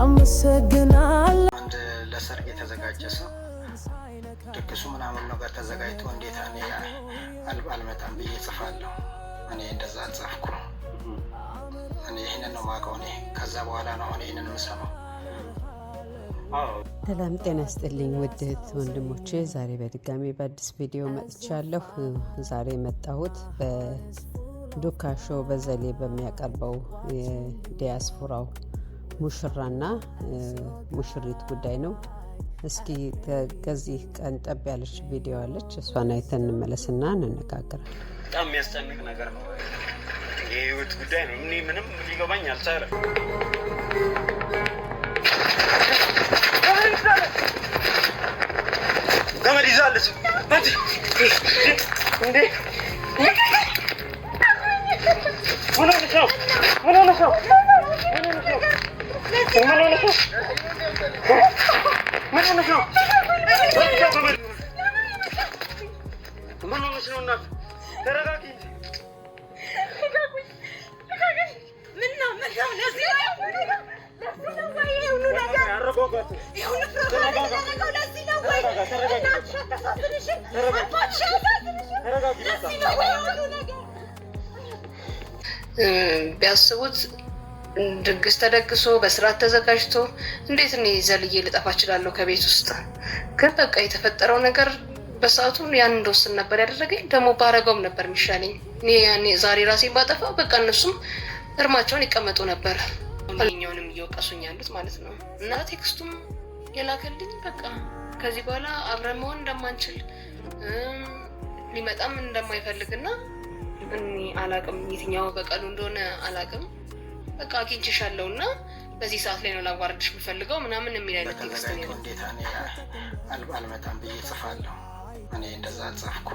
አንድ ለሰርግ የተዘጋጀ ሰው ድግሱ ምናምን ነገር ተዘጋጅቶ እንዴት እኔ አልመጣም ብዬ ጽፋለሁ። እኔ እንደዛ አልጻፍኩ። እኔ ይህንን ነው የማውቀው። እኔ ከዛ በኋላ ነው አሁን ይህንን የምሰማው። ሰላም ጤና ስጥልኝ ውድ ወንድሞቼ፣ ዛሬ በድጋሚ በአዲስ ቪዲዮ መጥቻለሁ። ዛሬ የመጣሁት ዱካ ሾው በዘሌ በሚያቀርበው የዲያስፖራው ሙሽራና ሙሽሪት ጉዳይ ነው። እስኪ ከዚህ ቀን ጠብ ያለች ቪዲዮ አለች። እሷን አይተን እንመለስና እንነጋገራል። በጣም የሚያስጨንቅ ነገር ነው። የህይወት ጉዳይ ነው። እኔ ምንም ሊገባኝ አልቻለ ገመድ ይዛለች እንዴ ቢያስቡት ድግስ ተደግሶ በስርዓት ተዘጋጅቶ እንዴት እኔ ዘልዬ ልጠፋ እችላለሁ ከቤት ውስጥ? ግን በቃ የተፈጠረው ነገር በሰዓቱ ያን እንደወስን ነበር ያደረገኝ። ደግሞ ባረገውም ነበር የሚሻለኝ። ያኔ ዛሬ ራሴ ባጠፋ በቃ እነሱም እርማቸውን ይቀመጡ ነበር። ኛውንም እየወቀሱኝ ያሉት ማለት ነው። እና ቴክስቱም የላከልኝ በቃ ከዚህ በኋላ አብረን መሆን እንደማንችል ሊመጣም እንደማይፈልግና እኔ አላቅም፣ የትኛው በቀሉ እንደሆነ አላቅም። በቃ አግኝቼሻለሁ እና በዚህ ሰዓት ላይ ነው ላዋርድሽ የምፈልገው ምናምን የሚል አይነት ቴክስት ነው። እንዴት አልመጣም ብዬ ጽፋለሁ? እኔ እንደዛ አልጻፍኩ።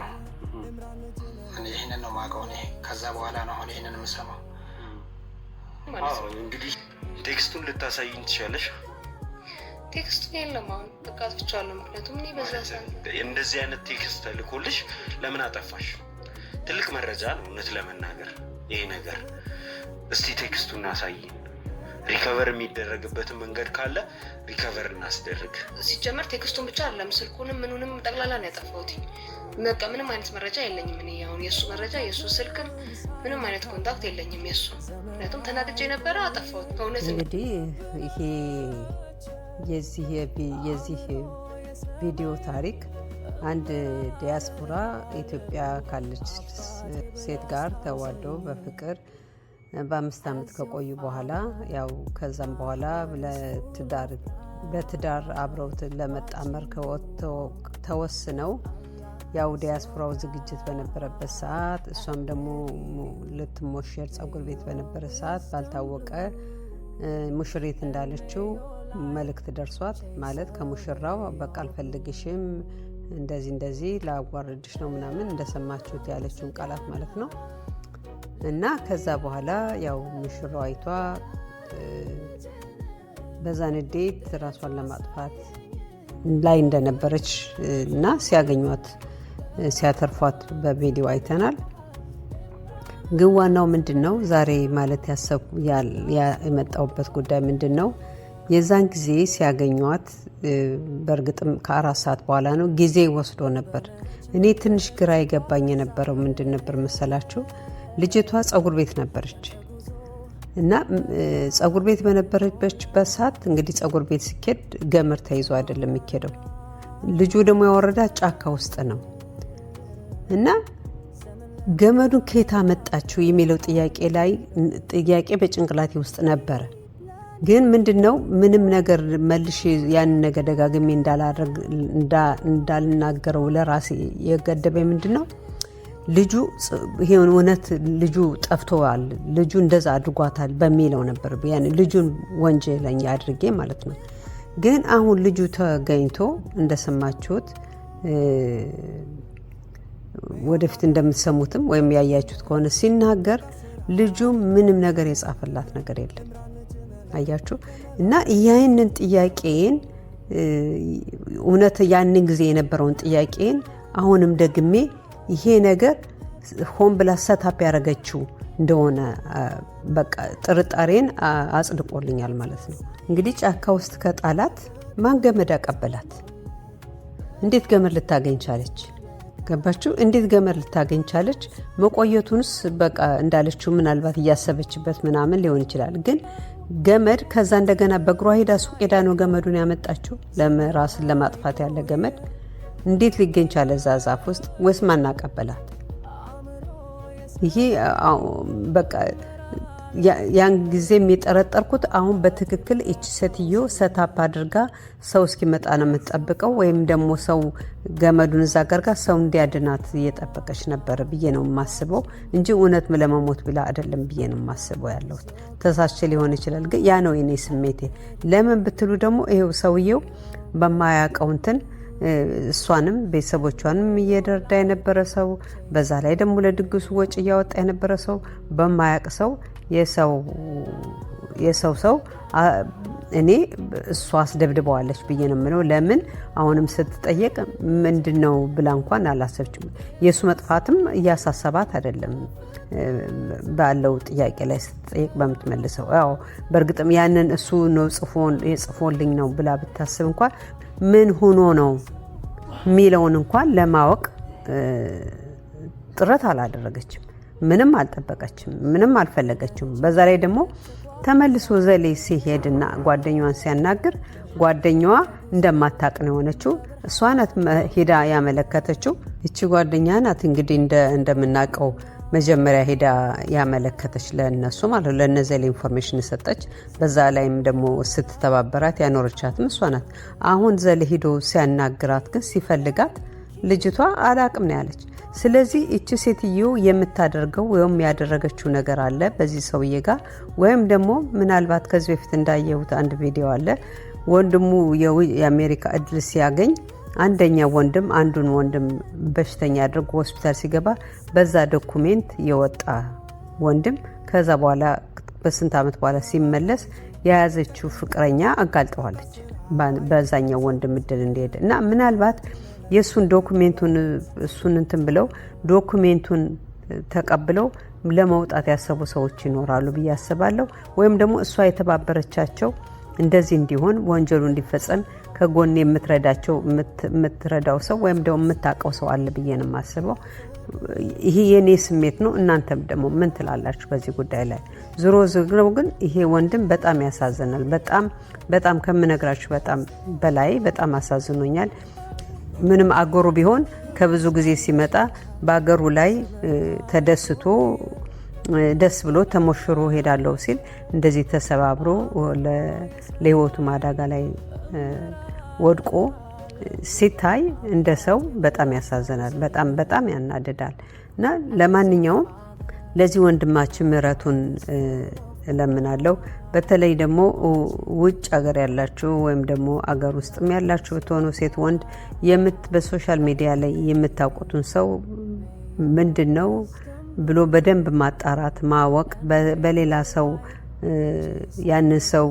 እኔ ይህንን ነው የማውቀው። እኔ ከዛ በኋላ ነው አሁን ይህንን የምሰማው። እንግዲህ ቴክስቱን ልታሳይኝ ትችላለሽ። ቴክስቱ የለም አሁን በቃ ትቻለሁ። ምክንያቱም እኔ በዛ ሰዓት እንደዚህ አይነት ቴክስት ልኮልሽ ለምን አጠፋሽ? ትልቅ መረጃ ነው። እውነት ለመናገር ይሄ ነገር እስቲ ቴክስቱ አሳይን። ሪከቨር የሚደረግበትን መንገድ ካለ ሪከቨር እናስደርግ። ሲጀመር ቴክስቱን ብቻ አለም ስልኩንም ምኑንም ጠቅላላ ነው ያጠፋሁት። በቃ ምንም አይነት መረጃ የለኝም እኔ አሁን የእሱ መረጃ የእሱ ስልክም ምንም አይነት ኮንታክት የለኝም የእሱ። ምክንያቱም ተናድጄ ነበረ አጠፋሁት። ከእውነት እንግዲህ ይሄ የዚህ ቪዲዮ ታሪክ አንድ ዲያስፖራ ኢትዮጵያ ካለች ሴት ጋር ተዋደው በፍቅር በአምስት ዓመት ከቆዩ በኋላ ያው ከዛም በኋላ በትዳር አብረው ለመጣመር ተወስነው ያው ዲያስፖራው ዝግጅት በነበረበት ሰዓት እሷም ደግሞ ልትሞሸር ጸጉር ቤት በነበረ ሰዓት ባልታወቀ ሙሽሪት እንዳለችው መልእክት ደርሷት ማለት ከሙሽራው በቃ አልፈልግሽም እንደዚህ እንደዚህ ለአጓርድሽ ነው ምናምን እንደሰማችሁት ያለችውን ቃላት ማለት ነው። እና ከዛ በኋላ ያው አይቷ በዛ ንዴት ራሷን ለማጥፋት ላይ እንደነበረች እና ሲያገኟት ሲያተርፏት በቪዲዮ አይተናል። ግን ዋናው ምንድን ነው ዛሬ ማለት ያሰብኩ የመጣሁበት ጉዳይ ምንድን ነው የዛን ጊዜ ሲያገኟት በእርግጥም ከአራት ሰዓት በኋላ ነው ጊዜ ወስዶ ነበር። እኔ ትንሽ ግራ የገባኝ የነበረው ምንድን ነበር መሰላችሁ? ልጅቷ ጸጉር ቤት ነበረች እና ጸጉር ቤት በነበረችበት ሰዓት እንግዲህ ጸጉር ቤት ሲኬድ ገመድ ተይዞ አይደለም የሚኬደው። ልጁ ደግሞ ያወረዳ ጫካ ውስጥ ነው እና ገመዱን ከየት መጣችው የሚለው ጥያቄ ላይ ጥያቄ በጭንቅላቴ ውስጥ ነበረ። ግን ምንድን ነው ምንም ነገር መልሼ ያንን ነገር ደጋግሜ እንዳልናገረው ለራሴ የገደበኝ ምንድን ነው ልጁ ይሄን እውነት ልጁ ጠፍቶዋል፣ ልጁ እንደዛ አድርጓታል በሚለው ነበር ያን ልጁን ወንጀለኛ አድርጌ ማለት ነው። ግን አሁን ልጁ ተገኝቶ እንደሰማችሁት ወደፊት እንደምትሰሙትም ወይም ያያችሁት ከሆነ ሲናገር ልጁ ምንም ነገር የጻፈላት ነገር የለም። አያችሁ እና ያንን ጥያቄን እውነት ያንን ጊዜ የነበረውን ጥያቄን አሁንም ደግሜ ይሄ ነገር ሆን ብላ ሰታፕ ያደረገችው እንደሆነ በቃ ጥርጣሬን አጽድቆልኛል ማለት ነው። እንግዲህ ጫካ ውስጥ ከጣላት ማን ገመድ አቀበላት? እንዴት ገመድ ልታገኝ ቻለች? ገባችሁ? እንዴት ገመድ ልታገኝ ቻለች? መቆየቱንስ በቃ እንዳለችው ምናልባት እያሰበችበት ምናምን ሊሆን ይችላል ግን ገመድ ከዛ እንደገና በእግሯ ሄዳ ሱቅ ሄዳ ነው ገመዱን ያመጣችው። ለራስን ለማጥፋት ያለ ገመድ እንዴት ሊገኝ ቻለ እዛ ዛፍ ውስጥ? ወይስ ማናቀበላት? ይሄ በቃ ያን ጊዜ የሚጠረጠርኩት አሁን በትክክል እች ሴትዮ ሰታፕ አድርጋ ሰው እስኪመጣ ነው የምትጠብቀው፣ ወይም ደግሞ ሰው ገመዱን እዛ ጋርጋ ሰው እንዲያድናት እየጠበቀች ነበር ብዬ ነው የማስበው እንጂ እውነት ለመሞት ብላ አይደለም ብዬ ነው የማስበው ያለሁት። ተሳስቼ ሊሆን ይችላል፣ ግን ያ ነው የኔ ስሜቴ። ለምን ብትሉ ደግሞ ይሄው ሰውየው በማያውቀው እንትን እሷንም ቤተሰቦቿንም እየደረዳ የነበረ ሰው፣ በዛ ላይ ደግሞ ለድግሱ ወጪ እያወጣ የነበረ ሰው በማያቅ ሰው የሰው ሰው እኔ እሷ አስደብድበዋለች ብዬ ነው የምለው። ለምን አሁንም ስትጠየቅ ምንድን ነው ብላ እንኳን አላሰብችም። የእሱ መጥፋትም እያሳሰባት አይደለም። ባለው ጥያቄ ላይ ስትጠየቅ በምትመልሰው ያው በእርግጥም ያንን እሱ ነው ጽፎልኝ ነው ብላ ብታስብ እንኳን ምን ሆኖ ነው የሚለውን እንኳን ለማወቅ ጥረት አላደረገችም። ምንም አልጠበቀችም፣ ምንም አልፈለገችም። በዛ ላይ ደግሞ ተመልሶ ዘሌ ሲሄድና ጓደኛዋን ሲያናግር ጓደኛዋ እንደማታቅ ነው የሆነችው። እሷ ናት ሄዳ ያመለከተችው። እቺ ጓደኛ ናት እንግዲህ እንደምናውቀው መጀመሪያ ሄዳ ያመለከተች ለነሱ ማለት ነው። ለእነ ዘሌ ኢንፎርሜሽን ሰጠች። በዛ ላይም ደግሞ ስትተባበራት ያኖረቻትም እሷ ናት። አሁን ዘሌ ሂዶ ሲያናግራት ግን ሲፈልጋት ልጅቷ አላቅም ነው ያለች። ስለዚህ እቺ ሴትዮ የምታደርገው ወይም ያደረገችው ነገር አለ በዚህ ሰውዬ ጋር ወይም ደግሞ ምናልባት ከዚህ በፊት እንዳየሁት አንድ ቪዲዮ አለ ወንድሙ የአሜሪካ እድል ሲያገኝ አንደኛ ወንድም አንዱን ወንድም በሽተኛ አድርጎ ሆስፒታል ሲገባ በዛ ዶኩሜንት የወጣ ወንድም ከዛ በኋላ በስንት ዓመት በኋላ ሲመለስ የያዘችው ፍቅረኛ አጋልጠዋለች በዛኛው ወንድም እድል እንደሄደ እና ምናልባት የእሱን ዶክሜንቱን እሱን እንትን ብለው ዶኩሜንቱን ተቀብለው ለመውጣት ያሰቡ ሰዎች ይኖራሉ ብዬ አስባለሁ። ወይም ደግሞ እሷ የተባበረቻቸው እንደዚህ እንዲሆን ወንጀሉ እንዲፈጸም ከጎን የምትረዳቸው የምትረዳው ሰው ወይም ደግሞ የምታውቀው ሰው አለ ብዬ ነው የማስበው። ይሄ የእኔ ስሜት ነው። እናንተም ደግሞ ምን ትላላችሁ በዚህ ጉዳይ ላይ? ዝሮ ዞሮ ግን ይሄ ወንድም በጣም ያሳዝናል። በጣም በጣም ከምነግራችሁ በጣም በላይ በጣም አሳዝኖኛል። ምንም አገሩ ቢሆን ከብዙ ጊዜ ሲመጣ በአገሩ ላይ ተደስቶ ደስ ብሎ ተሞሽሮ ሄዳለሁ ሲል እንደዚህ ተሰባብሮ ለህይወቱ ማዳጋ ላይ ወድቆ ሲታይ እንደ ሰው በጣም ያሳዝናል። በጣም በጣም ያናድዳል። እና ለማንኛውም ለዚህ ወንድማችን ምሕረቱን እለምናለሁ። በተለይ ደግሞ ውጭ ሀገር ያላችሁ ወይም ደግሞ አገር ውስጥም ያላችሁ ብትሆኑ ሴት ወንድ የምት በሶሻል ሚዲያ ላይ የምታውቁትን ሰው ምንድን ነው ብሎ በደንብ ማጣራት ማወቅ፣ በሌላ ሰው ያንን ሰው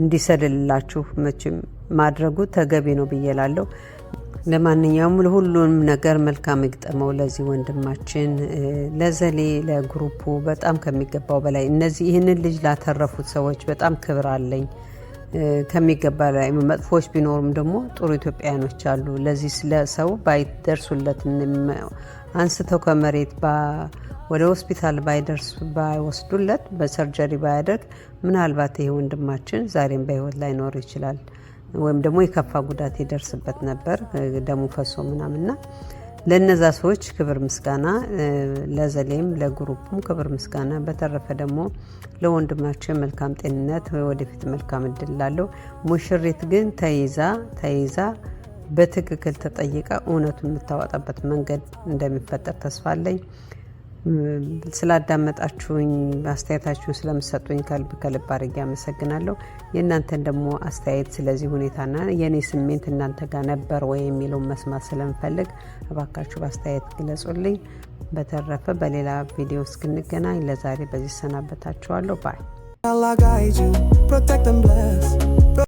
እንዲሰልልላችሁ መቼም ማድረጉ ተገቢ ነው ብዬ እላለሁ። ለማንኛውም ለሁሉም ነገር መልካም ይግጠመው። ለዚህ ወንድማችን ለዘሌ ለግሩፑ በጣም ከሚገባው በላይ እነዚህ ይህንን ልጅ ላተረፉት ሰዎች በጣም ክብር አለኝ ከሚገባ ላይ መጥፎች ቢኖሩም ደግሞ ጥሩ ኢትዮጵያውያኖች አሉ። ለዚህ ስለሰው ባይደርሱለት አንስተው ከመሬት ወደ ሆስፒታል ባይደርሱ ባይወስዱለት በሰርጀሪ ባያደርግ ምናልባት ይሄ ወንድማችን ዛሬም በህይወት ላይኖር ይችላል። ወይም ደግሞ የከፋ ጉዳት ይደርስበት ነበር ደሙ ፈሶ ምናምንና ለነዛ ሰዎች ክብር ምስጋና፣ ለዘሌም ለግሩፕም ክብር ምስጋና። በተረፈ ደግሞ ለወንድማቸው መልካም ጤንነት፣ ወደፊት መልካም እድል ላለው ሙሽሪት ግን ተይዛ ተይዛ በትክክል ተጠይቃ እውነቱን የምታወጣበት መንገድ እንደሚፈጠር ተስፋ አለኝ። ስላዳመጣችሁኝ አስተያየታችሁን ስለምሰጡኝ ከልብ ከልብ አድርጌ አመሰግናለሁ። የእናንተን ደግሞ አስተያየት ስለዚህ ሁኔታና የእኔ ስሜት እናንተ ጋር ነበር ወይ የሚለውን መስማት ስለምፈልግ እባካችሁ በአስተያየት ግለጹልኝ። በተረፈ በሌላ ቪዲዮ እስክንገናኝ ለዛሬ በዚህ ሰናበታችኋለሁ ባይ